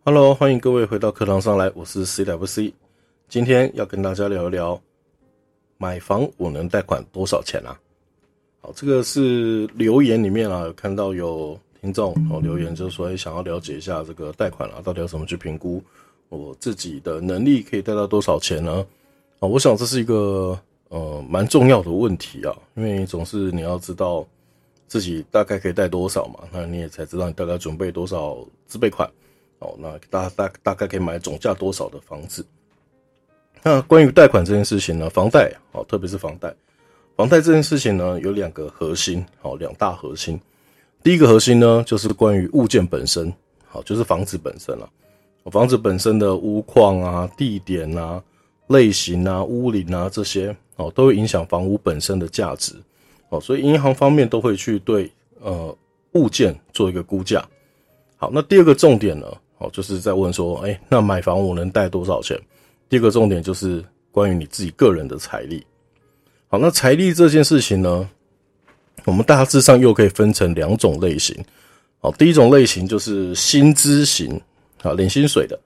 哈嘍，Hello, 歡迎各位回到課堂上來，我是 CWC，今天要跟大家聊一聊買房我能貸款多少錢啊？好，這個是留言裡面啊，有看到有聽眾留言，就是說想要了解一下這個貸款啊，到底要怎麼去評估我自己的能力可以貸到多少錢呢？啊，我想這是一個呃蠻重要的問題啊，因為總是你要知道自己大概可以貸多少嘛，那你也才知道你大概準備多少自備款。好，那大大大概可以買總價多少的房子？那關於貸款這件事情呢？房貸好，特別是房貸，房貸這件事情呢，有兩個核心好，兩大核心。第一個核心呢，就是關於物件本身，好，就是房子本身了啊。房子本身的屋況啊、地點啊、類型啊、屋齡啊這些好，都會影響房屋本身的價值好，所以銀行方面都會去對呃物件做一個估價。好，那第二個重點呢？哦，就是在問說，哎、欸，那買房我能貸多少錢？第二個重點就是關於你自己個人的財力。好，那財力這件事情呢，我們大致上又可以分成兩種類型。好，第一種類型就是薪資型，啊，領薪水的，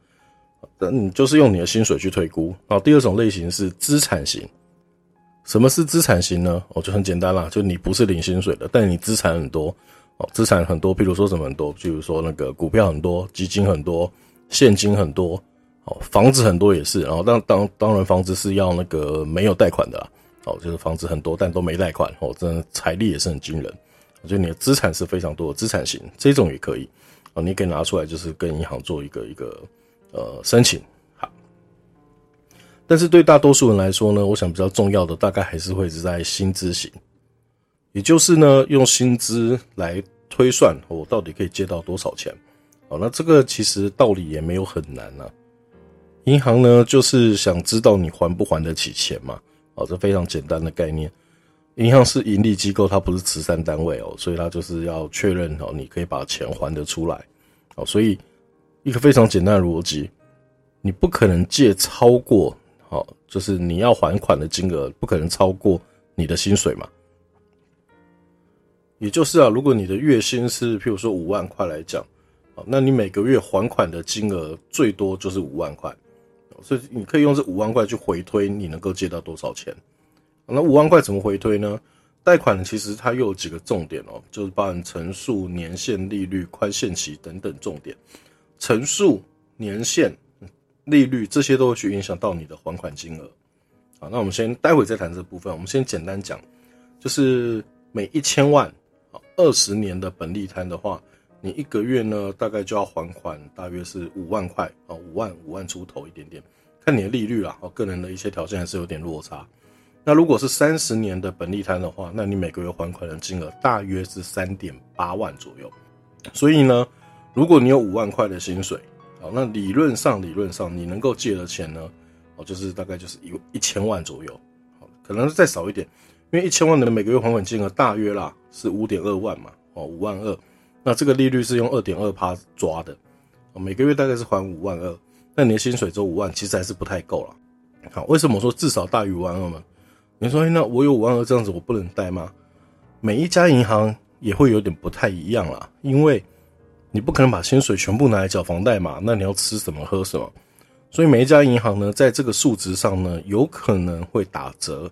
那你就是用你的薪水去推估。好，第二種類型是資產型。什麼是資產型呢？我就很簡單了，就你不是領薪水的，但你資產很多。哦，資產很多，譬如說什麼很多，譬如說那個股票很多，基金很多，現金很多，哦，房子很多也是。然後當，當當當然，房子是要那個沒有貸款的啦。哦，就是房子很多，但都沒貸款。哦，真的財力也是很驚人。我覺得你的資產是非常多的，資產型這種也可以。哦，你可以拿出來，就是跟銀行做一個一個呃申請。好，但是對大多數人來說呢，我想比較重要的大概還是會是在薪資型。也就是呢，用薪資來推算我、哦、到底可以借到多少錢？哦，那這個其實道理也沒有很難啊，銀行呢，就是想知道你還不還得起錢嘛？好，哦，這非常簡單的概念。銀行是盈利機構，它不是慈善單位哦，所以它就是要確認哦，你可以把錢還得出來。哦，所以一個非常簡單的邏輯，你不可能借超過好，哦，就是你要還款的金額不可能超過你的薪水嘛。也就是啊，如果你的月薪是譬如說五萬塊來講，啊，那你每個月還款的金額最多就是五萬塊，所以你可以用這五萬塊去回推你能夠借到多少錢。那五萬塊怎麼回推呢？貸款其實它又有幾個重點哦，就是包含成數、年限、利率、寬限期等等重點。成數、年限、利率這些都會去影響到你的還款金額。好，那我們先待會再談這部分，我們先簡單講，就是每一千萬。二十年的本利攤的話，你一個月呢大概就要還款大約是五萬塊啊，五萬、喔、五萬出頭一點點，看你的利率啊，我、喔、個人的一些條件還是有點落差。那如果是三十年的本利攤的話，那你每個月還款的金額大約是三點八萬左右。所以呢，如果你有五萬塊的薪水，好、喔，那理論上理論上你能夠借的錢呢，哦、喔、就是大概就是一一千萬左右，好、喔，可能是再少一點。因為一千萬的每個月還款金額大約啦是五點二萬嘛，哦，五萬二，那這個利率是用二點二趴抓的，每個月大概是還五萬二，那你的薪水只有五萬，其實還是不太夠啦。好，為什麼說至少大於五萬二嘛？你說那我有五萬二這樣子，我不能貸嗎？每一家銀行也會有點不太一樣啦，因為你不可能把薪水全部拿來繳房貸嘛，那你要吃什麼喝什麼，所以每一家銀行呢，在這個數值上呢，有可能會打折。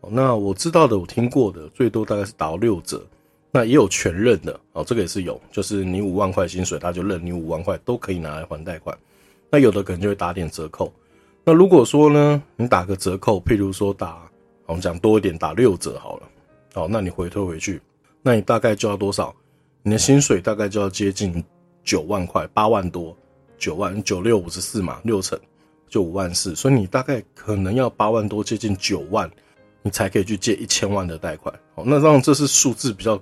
好，那我知道的，我聽過的最多大概是打到六折，那也有全認的哦，這個也是有，就是你五萬塊薪水，他就認你五萬塊，都可以拿來還貸款。那有的可能就會打點折扣。那如果說呢，你打個折扣，譬如說打，好，我們講多一點，打六折好了。好，那你回推回去，那你大概就要多少？你的薪水大概就要接近九萬塊，八萬多，九萬九六五十四嘛，六成就五萬四，所以你大概可能要八萬多，接近九萬。你才可以去借一千萬的貸款，好，那讓這是數字比較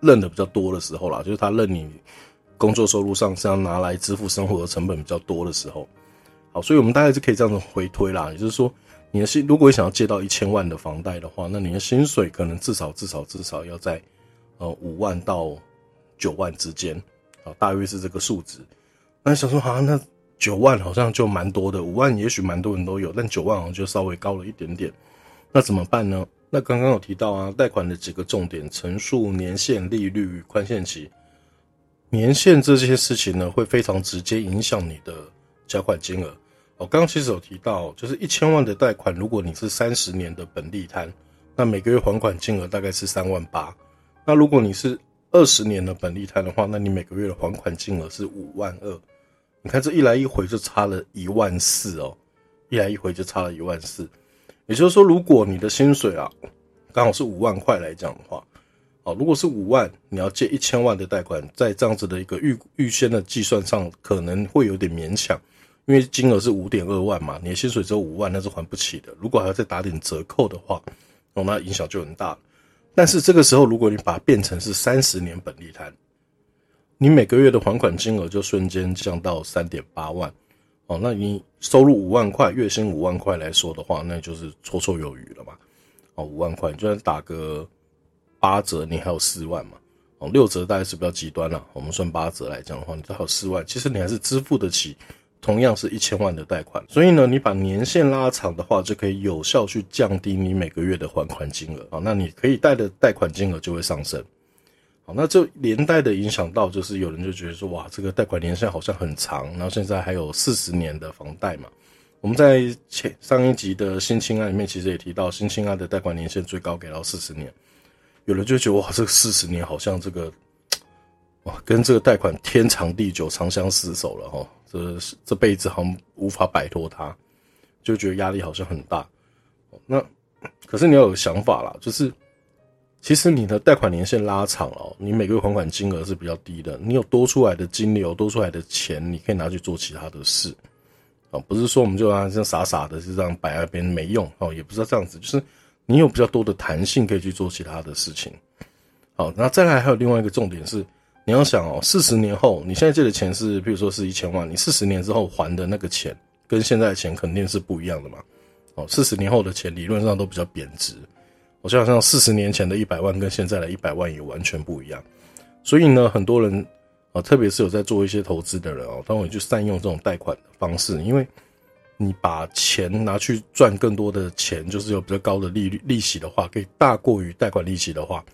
認得比較多的時候啦，就是他認你工作收入上是要拿來支付生活的成本比較多的時候，好，所以我們大概就可以這樣子回推啦，也就是說，你的薪，如果你想要借到一千萬的房貸的話，那你的薪水可能至少至少至少要在呃五萬到九萬之間啊，大約是這個數值。那你想說啊，那九萬好像就蠻多的，五萬也許蠻多人都有，但九萬好像就稍微高了一點點。那怎麼辦呢？那剛剛有提到啊，貸款的幾個重點：成數、年限、利率、寬限期。年限這些事情呢，會非常直接影響你的繳款金額。我剛剛其實有提到，就是一千萬的貸款，如果你是三十年的本利攤，那每個月還款金額大概是三萬八；那如果你是二十年的本利攤的話，那你每個月的還款金額是五萬二。你看這一來一回就差了一萬四哦，一來一回就差了一萬四。也就是說，如果你的薪水啊，剛好是五萬塊來講的話，啊，如果是五萬，你要借一千萬的貸款，在這樣子的一個預預先的計算上，可能會有點勉強，因為金額是五點二萬嘛，你的薪水只有五萬，那是還不起的。如果還要再打點折扣的話，那影響就很大。但是這個時候，如果你把它變成是三十年本利攤，你每個月的還款金額就瞬間降到三點八萬。哦，那你收入五萬塊，月薪五萬塊來說的話，那就是綽綽有餘了嘛。哦，五萬塊，你就算打個八折，你還有四萬嘛。哦，六折大概是比較極端了。我們算八折來講的話，你還有四萬，其實你還是支付得起同樣是一千萬的貸款。所以呢，你把年限拉長的話，就可以有效去降低你每個月的還款金額啊。哦，那你可以貸的貸款金額就會上升。好，那這連帶的影響到，就是有人就覺得說，哇，這個貸款年限好像很長，然後現在還有四十年的房貸嘛。我們在前上一集的新青安裡面，其實也提到新青安的貸款年限最高給到四十年，有人就覺得哇，這個四十年好像這個，哇，跟這個貸款天長地久、長相廝守了哈，這是這輩子好像無法擺脫它，就覺得壓力好像很大。那可是你要有想法啦，就是。其實你的貸款年限拉長哦，你每個月還款金額是比較低的。你有多出來的金流、多出來的錢，你可以拿去做其他的事，啊、哦，不是說我們就啊這傻傻的就這樣擺那邊沒用哦，也不是這樣子，就是你有比較多的彈性可以去做其他的事情。好，那再來還有另外一個重點是，你要想哦，四十年後你現在借的錢是，譬如說是一千萬，你四十年之後還的那個錢跟現在的錢肯定是不一樣的嘛。哦，四十年後的錢理論上都比較貶值。就好像像四十年前的一百萬跟現在的一百萬也完全不一樣，所以呢，很多人啊，特別是有在做一些投資的人哦、喔，他們就善用這種貸款的方式，因為你把錢拿去賺更多的錢，就是有比較高的利率利息的話，可以大過於貸款利息的話，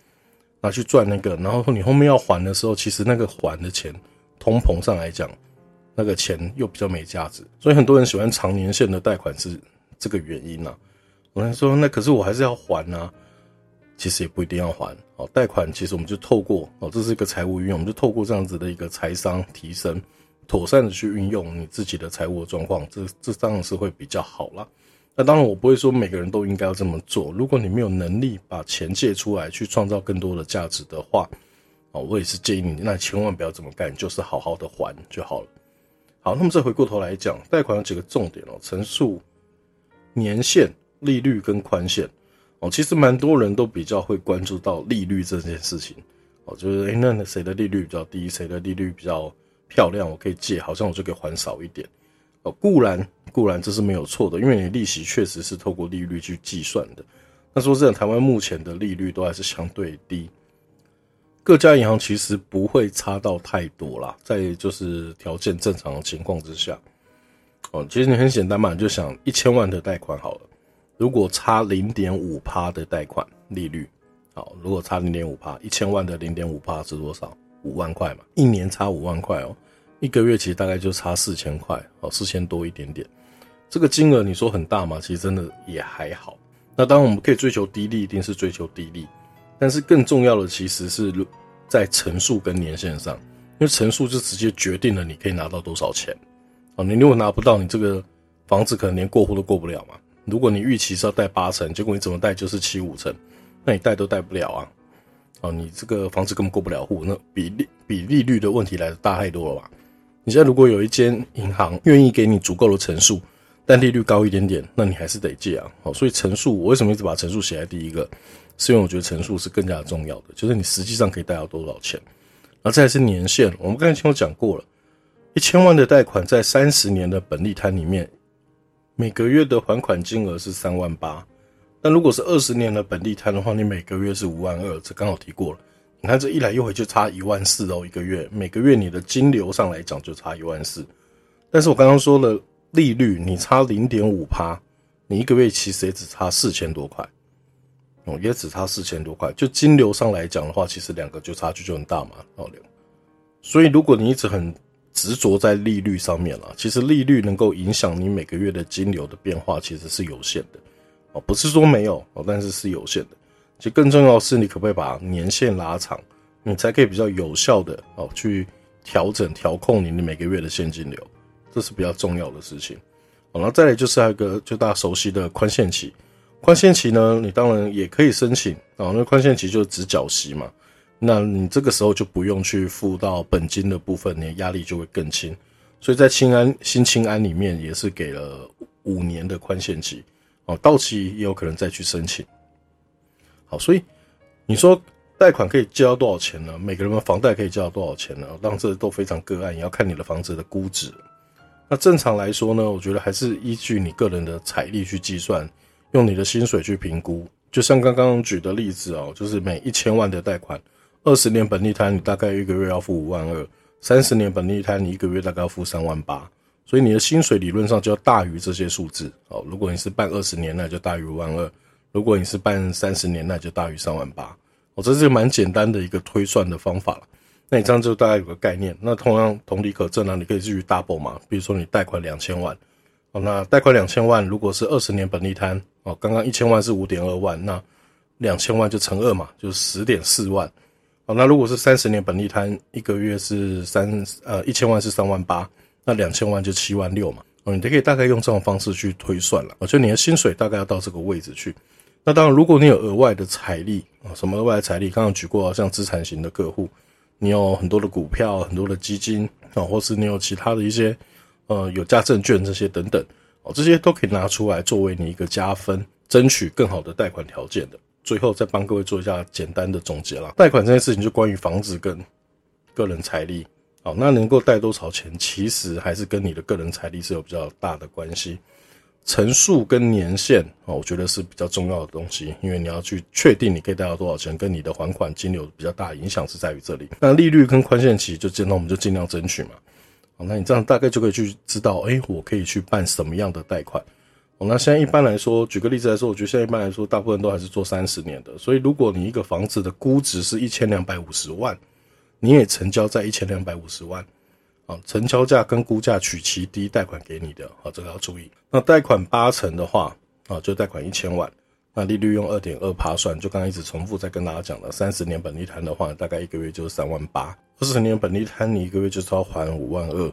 拿去賺那個，然後你後面要還的時候，其實那個還的錢，通膨上來講，那個錢又比較沒價值，所以很多人喜歡長年限的貸款是這個原因啊。我來說，那可是我還是要還啊。其實也不一定要還哦。貸款其實我們就透過哦，這是一個財務運用，我們就透過這樣子的一個財商提升，妥善的去運用你自己的財務的狀況，這這當然是會比較好啦。那當然我不會說每個人都應該要這麼做。如果你沒有能力把錢借出來去創造更多的價值的話，哦，我也是建議你，那你千萬不要這麼幹，你就是好好的還就好了。好，那麼再回過頭來講，貸款有幾個重點哦，成數、年限。利率跟寬限，哦，其實蠻多人都比較會關注到利率這件事情，哦，就是哎，那誰的利率比較低，誰的利率比較漂亮，我可以借，好像我就可以還少一點，哦，固然固然這是沒有錯的，因為你利息確實是透過利率去計算的。那說真的，台灣目前的利率都還是相對低，各家銀行其實不會差到太多啦，在就是條件正常的情況之下，哦，其實你很簡單嘛，你就想一千萬的貸款好了。如果差零點五趴的貸款利率，好，如果差零點五趴，一千萬的零點五趴是多少？五萬塊嘛，一年差五萬塊哦，一個月其實大概就差四千塊，哦，四千多一點點，這個金額你說很大嗎？其實真的也還好。那當然，我們可以追求低利，一定是追求低利，但是更重要的其實是，在成數跟年限上，因為成數就直接決定了你可以拿到多少錢，哦，你如果拿不到，你這個房子可能連過戶都過不了嘛。如果你預期是要貸八成，結果你怎麼貸就是七五成，那你貸都貸不了啊！啊、哦，你這個房子根本過不了戶，那比例、比利率的問題來得大太多了吧？你現在如果有一間銀行願意給你足夠的成數，但利率高一點點，那你還是得借啊！好、哦，所以成數，我為什麼一直把成數寫在第一個？是因為我覺得成數是更加重要的，就是你實際上可以貸到多少錢。然、啊、後再來是年限，我們剛才前面講過了，一千萬的貸款在三十年的本利攤裡面。每個月的還款金額是三萬八，但如果是二十年的本利攤的話，你每個月是五萬二，這剛好提過了。你看這一來一回就差一萬四哦，一個月每個月你的金流上來講就差一萬四，但是我剛剛說的利率你差零點五趴，你一個月其實也只差四千多塊，哦、嗯、也只差四千多塊，就金流上來講的話，其實兩個就差距就很大嘛，老劉。所以如果你一直很執着在利率上面了，其實利率能夠影響你每個月的金流的變化其實是有限的，哦，不是說沒有哦，但是是有限的。其實更重要的是，你可不可以把年限拉長，你才可以比較有效的哦去調整調控你每個月的現金流，這是比較重要的事情。然後再來就是那個就大家熟悉的寬限期，寬限期呢，你當然也可以申請啊，因為寬限期就是指繳息嘛。那你這個時候就不用去付到本金的部分，你的壓力就會更輕。所以在青安新青安裡面也是給了五年的寬限期，哦，到期也有可能再去申請。好，所以你說貸款可以借到多少錢呢？每個人的房貸可以借到多少錢呢？讓這都非常個案，也要看你的房子的估值。那正常來說呢，我覺得還是依據你個人的財力去計算，用你的薪水去評估。就像剛剛舉的例子哦，就是每一千萬的貸款。二十年本利攤，你大概一個月要付五萬二；三十年本利攤，你一個月大概要付三萬八。所以你的薪水理論上就要大於這些數字哦。如果你是辦二十年，那就大於五萬二；如果你是辦三十年，那就大於三萬八。哦，這是一個蠻簡單的一個推算的方法。那你這樣就大概有個概念。那同樣同理可証啊，你可以繼續 double 嘛。比如說你貸款兩千萬，哦，那貸款兩千萬，如果是二十年本利攤，哦，剛剛一千萬是五點二萬，那兩千萬就乘二嘛，就是十點四萬。好、哦，那如果是三十年本利攤，一個月是三呃一千萬是三萬八，那兩千萬就七萬六嘛。哦，你就可以大概用這種方式去推算了、哦。就你的薪水大概要到這個位置去。那當然，如果你有額外的財力啊、哦，什麼額外的財力，剛剛舉過像資產型的客戶，你有很多的股票、很多的基金啊、哦，或是你有其他的一些呃有價證券這些等等，哦，這些都可以拿出來作為你一個加分，爭取更好的貸款條件的。最後再幫各位做一下簡單的總結啦，貸款這件事情就關於房子跟個人財力，好，那能夠貸多少錢，其實還是跟你的個人財力是有比較大的關係，成數跟年限哦，我覺得是比較重要的東西，因為你要去確定你可以貸到多少錢，跟你的還款金流比較大的影響是在於這裡，那利率跟寬限期就盡量，我們就盡量爭取嘛，好，那你這樣大概就可以去知道，哎、欸，我可以去辦什麼樣的貸款。哦，那現在一般來說，舉個例子來說，我覺得現在一般來說，大部分都還是做三十年的。所以，如果你一個房子的估值是一千兩百五十萬，你也成交在一千兩百五十萬，啊，成交價跟估價取其低，貸款給你的，啊，這個要注意。那貸款八成的話，啊，就貸款一千萬，那利率用二點二趴算，就剛才一直重複在跟大家講了，三十年本利攤的話，大概一個月就是三萬八，二十年本利攤你一個月就是要還五萬二。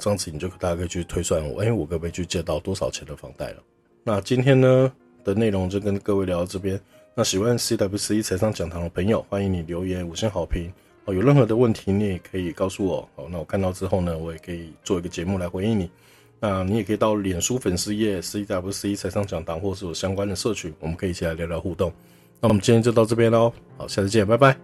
這樣子你就大概可以去推算我，哎、欸，我可不可以去借到多少錢的房貸了？那今天呢的內容就跟各位聊到這邊。那喜歡 CWC 財商講堂的朋友，歡迎你留言五星好評。哦，有任何的問題，你也可以告訴我。好，那我看到之後呢，我也可以做一個節目來回應你。那你也可以到臉書粉絲頁 CWC 財商講堂，或是有相關的社群，我們可以一起來聊聊互動。那我們今天就到這邊嘍，好，下次見，拜拜。